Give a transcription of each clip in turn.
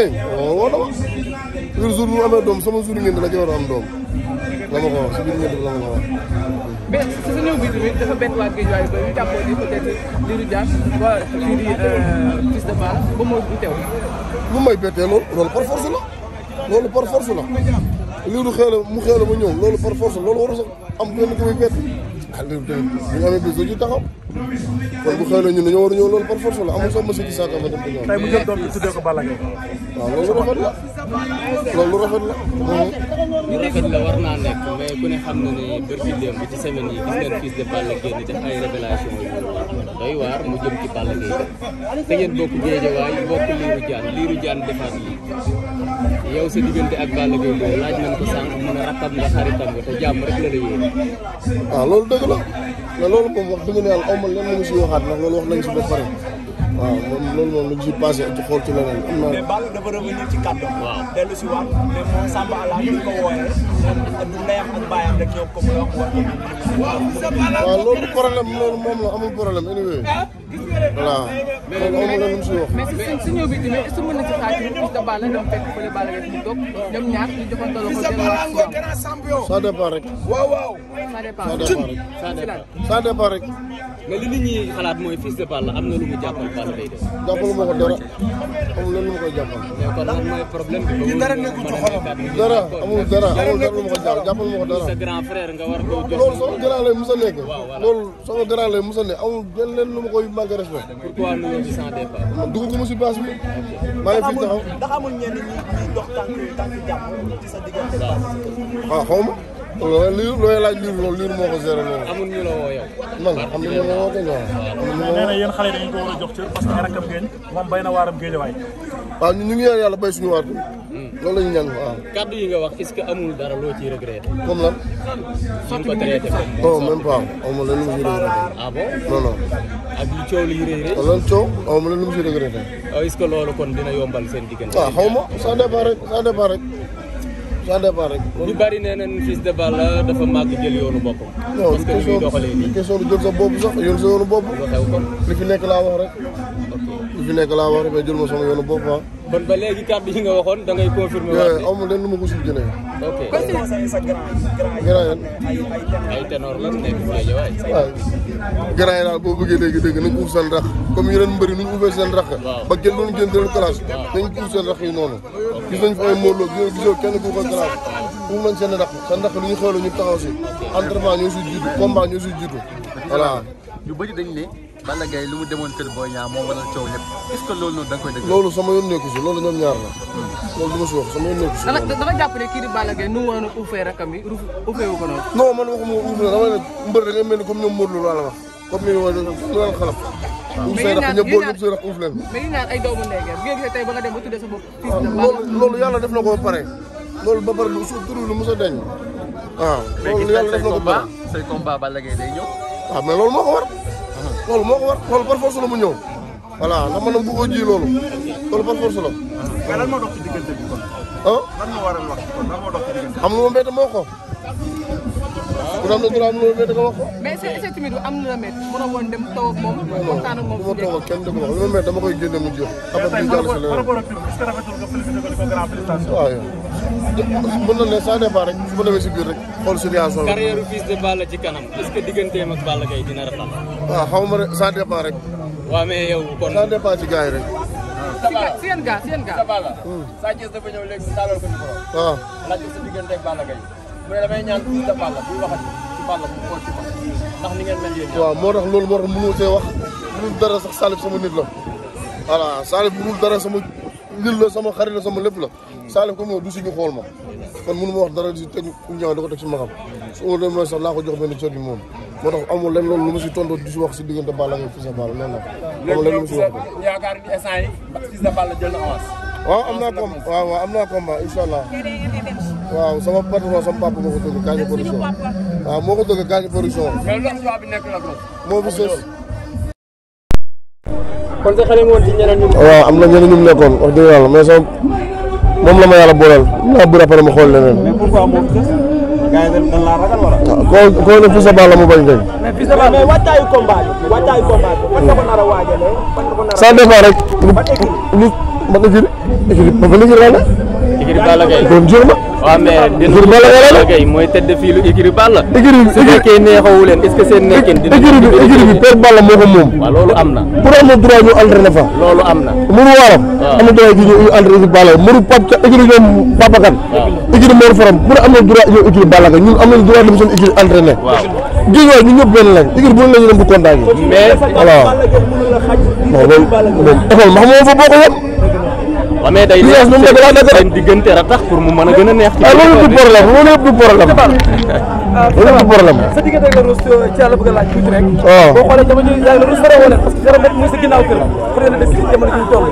kañ waaw woo na ma jour jour bu amee doom sama jour ngeen la ci war a am doom la ma ko wax si biir ngeen la ma ko wax. mais si sa ñëw bi tamit dafa bett waa géej waaye ba ñu jàppoo ni peut waa kii di euh, Fils ba moo du teew. lu may bettee loolu loolu par force la loolu par force la Lirou xëy na mu xëy mu ñëw loolu par force la a am kenn ku ah bu amee bés dañuy taxaw kon bu xëy na ñun a ñëw loolu par force la amul sax monsieur Bissaka ba bi tuddee rafet la loolu rafet la. war naa nekk mais ku ne xam ne bërki démb ci semaine yi de Balla génn def ay révélation yu a waar mu jëm ci Balla Gaye te ngeen bokk géejawaay bokk liiru jaan liiru jaan defaat lii yow sa diggante ak Balla Gaye loolu laaj nañ la mais loolu moom wax dëgg lan la ñu si waxaat ndax loolu wax nañ si ba pare waaw moom loolu moom lañ si passé ci xool ci leneen am naa. mais Balla dafa revenir ci kàddu. waaw dellu si waat mais moom Samba Alla ñu ko wooyee du ndeyam ak baayam rek ñoom comme la amul anyway. Ah, voilà moom la ñu si wax. mais si si ñëw bi tamit est-ce que mën na ci xaar ñu gis Balla dem fekk fële Balla rek mu toog ñoom ñaar ñu joxantoo ko jël ça dépend rek. waaw waaw. ça dépend rek. ça mais li nit ñi xalaat mooy fils de Balla am na lu mu jàppal Balla Gaye de. jàppalu ma ko dara amul lenn lu ma jàppal. dara nekkul ci dara amul dara dara lu ma dara. sa grand frère nga war koo jox loolu sama grand lay musa nekk. loolu sama grand lay musa nekk amul benn lenn lu ma koy manqué respect. pourquoi nu ngeen di si base bi. maa ngi fi taxaw sa diggante. waaw ah, xaw waaw liir looy laaj liir loolu liir moo ko loolu. amul ñu la woo yow. man am na ñu la woo ko quoi. nee na yéen xale yi a jox cër parce que rakkam ngeen moom béy na waaram géejawaay. waaw ñu ngi ñaan yàlla béy suñu waat hmm. loolu la ñu ñaan waaw. yi nga wax est-ce que amul dara loo ciy regretté. comme lan. suñ ko traité ko. non oh, même pas amul lenn lu mu ciy regretté. ah bon non non. ak loolu coow amul ciy regretté. Oh, est-ce que loolu kon dina yombal seen diggante. waaw ah, xaw ma ça dépend rek ça dépend rek. ça dépend rek. ñu bari nee nañ Fils de Balla dafa màgg jël yoonu boppam. parce que li muy doxalee nii non question question jël sa bopp sax yoon sa yoonu bopp. li fi nekk laa wax rek. ci nekk laa war mais jël ma sama yoonu bopp ah. kon ba léegi kàddu yi nga waxoon da ngay confirmer waat eh, amul lenn ma ko suuf jëlee. ok ay tenor la nekk waaw boo bëggee léegi dégg nañ ko uuf seen rax comme yeneen mbëri nu ñu uufee seen rax. ba kenn doon génn leen classe. nañ ko uuf seen rax yi noonu. gis nañ fa ay mbooloo gis gisoo kenn ku ko classe. uuf nañ seen rax seen rax lu ñu xewloo ñu taxaw si. entraînement ñoo si jiitu combat ñoo si jiitu voilà. ñu bëri dañ ne Balla Gaye lu mu demoon kër Boy Niang moo waral coow lépp est loolu sama yoon nekku si loolu ñoom ñaar la. loolu du ma si sama yoon nekku si. dana dana jàpp ne kii di Balla nu mu waroon a uufee rakam yi uufee noonu. man waxuma uuf na dama ne mbër da ngay mel ñoom Modou Lo la wax comme ni ma xalam. waaw mais yéen ñaar yéen ñaar uuf leen. mais yéen ñaar ay doomu ndeygeer bu ngeen gisee tey ba de dem ba tuddee sa bopp. Ah, loolu loolu yàlla ko ba pare. ba ba pare ah, say loolu moo ko war loolu par force la mu ñëw voilà ndax man bu ko ji loolu loolu par o la. mais lan moo dox ci diggante bi kon. ah lan moo waral wax kon lan moo dox moom mbéyte moo ko. ku am na droit am lu la métti nga wax ko. mais c'est timide am na la ko wax lu dama koy génne mu jóg. après ñu jàll si leneen est-ce que rafetul nga félicité na ne ça dépend rek su ma si biir rek xool situation bi. carrière fils de kanam est-ce que digganteem ak Balla Gaye dina rafet. waaw xaw ma rek ça dépend rek. waaw rek. si yéen gars si yéen gars. Sa Thiès dafa ñëw léegi taalal ko ci borom. sa diggante ak Balla Gaye mu ne ni ngeen mel yéen waaw moo tax loolu moo tax mënul see wax mënul dara sax Salif sama nit la voilà Salif mënul dara sama nit la sama xarit la sama lépp la Salif ko moo du suñu xool ma kon mënu ma wax dara si teg ku ñaaw da ko teg si ma xam su sax laa ko jox benn cër bi moom moo tax amul lenn loolu lu ma si tontu di si wax si diggante Balla ak fils de waaw am naa combat waaw am naa combat incha allah waaw sama patron sama papa moo ko tëgg Kañ production waaw moo ko tëgg Kañ production. mais loolu bi nekk la moo fi sës. kon sa xale woon ci ñeneen ñu. waaw am na ñeneen ñu mu nekkoon wax dëgg yàlla mais sama moom la ma yàlla booleel naa bëri après ma xool leneen. mais pourquoi moom gars yi dañ laa ragal wala. Ah, koo koo ne Fils de Balla la mu bañ kañ. mais Fils de Balla mais waajtaayu combat bi waajtaayu combat bi. fan nga ko nar a waajalee fan nga ko nar a. ça dépend rek. ban équipe lu ban équipe. équipe ba ba léegi Ikiri Balla Gaye. ma. waaw mais déedéet Balla Gaye mooy bi Ikiri bi moo ko moom. waaw am na. pour ñu entraîné fa. loolu am na. mënu ñu entraîné Balla mënu Papa Ikiri ñoom Papa Faram pour am na droit ñu Ikiri Balla Gaye ñun am nañu droit dem seen Ikiri entraîné. waaw gis nga ñun ñëpp benn lañ loolu moom école ma moo fa bokk woon waaw mais day seen diggante ratax pour mu mën a gën a neex. ci ah, loolu du problème loolu yëpp du problème. Ah, loolu du problème. sa diggante ak la Rose euh, ci yàlla bëgg a laaj tuuti rek. waaw oh. boo xoolee jamono yaa ngi la Rose faroo parce que jamono muy sa ginnaaw kër pour yéen a def jamono ji ñu toll.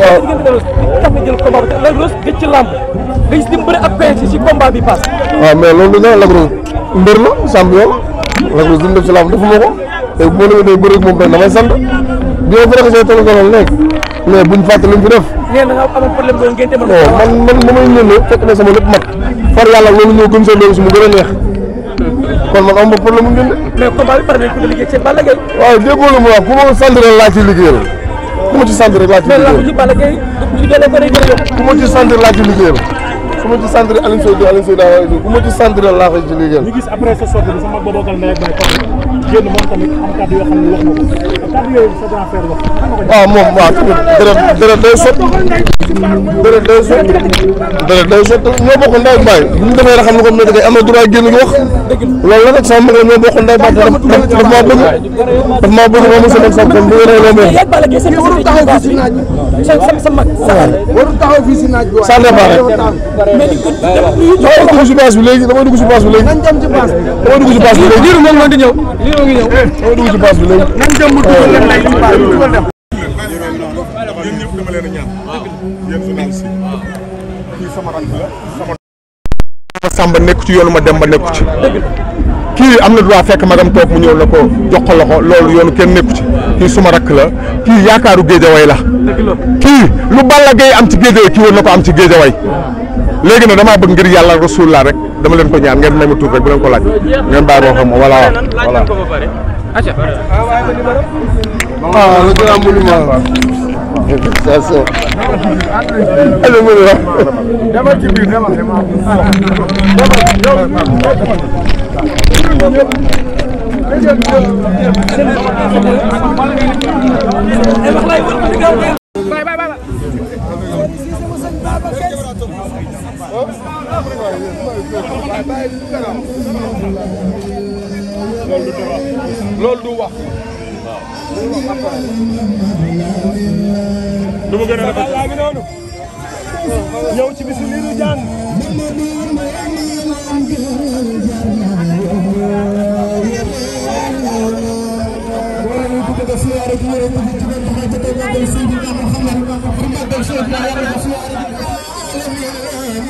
waaw oh. sa diggante la Rose tax nga jël combat bi la Rose gëj ci làmb nga gis li mu bëri ak pexe ci combat bi pass. waaw ah, mais loolu dañ la Rose mbër la champion la Rose li mu def ci làmb defuma ko te bu ma demee day bëri ak moom tamit damay sant bien vrai que say tool mais buñ fàtte luñ fi def. nee na nga amoon problème boobu ngeen demal. man man ba may ñëw fekk na sama lépp mat far yàlla loolu ñoo gën sa loolu su mu gën a neex kon man am problème mu ngeen de. mais combat bi pare nañ ko mu wax laa ci sant rek laa ciy liggéeyal. mais laa ci Balla Gaye liggéeyal ko rek jërëjëf. laa ci sant Alioune génn moom tamit am kàddu yoo xam ne wax na ko kàddu yooyu sa grand frère wax. waaw ah, moom waaw deret deret day sot deret day sot deret day sot ñoo bokk ndaw ak baay bu ñu demee rek xam ne comme ne da ngay am na droit génn wax loolu la nag sama mag la ñoo bokk ndaw baay daf daf maa bëgg daf maa bëgg moom sama sa kon bu wéree loo mel. warul taxaw fii si naaj bi sa sa mag sa warul taxaw fii si naaj bi ça dépend rek dama dugg si base bi léegi dama dugg si base bi léegi dama dugg si base bi léegi ñëw ngi ci base ma Samba yoonu ma dem ba nekku kii am na droit fekk magam toog mu ñëw na ko jox loxo loolu yoonu kenn nekku kii suma rakk la kii yaakaaru géejaway la kii lu Balla Gaye am ci géejaway kii war na ko am ci géejaway léegi nag damaa bëgg ngir yàlla rasulullah rek dama leen ko ñaan ngeen may ma tuut rek bu leen ko ngeen bàyyi boo xam voilà voilà. ah dama ci biir loolu du wax lu mu gën a rafet laa ngi noonu ñëw ci bisu liiru jàng Thank you.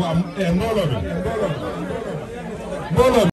waaw eh, mbooloo bi mbooloo bi